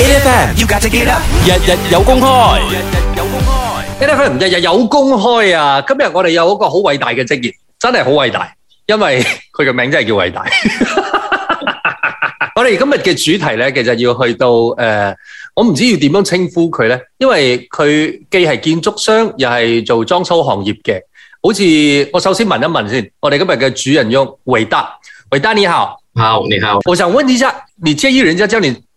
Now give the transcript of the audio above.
A. F. M. 要架隻機啦，日日有公開，日日有公開，A. F. M. 日日有公開啊！今日我哋有一個好偉大嘅職業，真係好偉大，因為佢嘅名真係叫偉大。我哋今日嘅主題咧，其實要去到誒，我唔知要點樣稱呼佢咧，因為佢既係建築商，又係做裝修行業嘅。好似我首先問一問先，我哋今日嘅主人翁偉達，偉達你好，好你好，我想問一下，你介意人家叫你？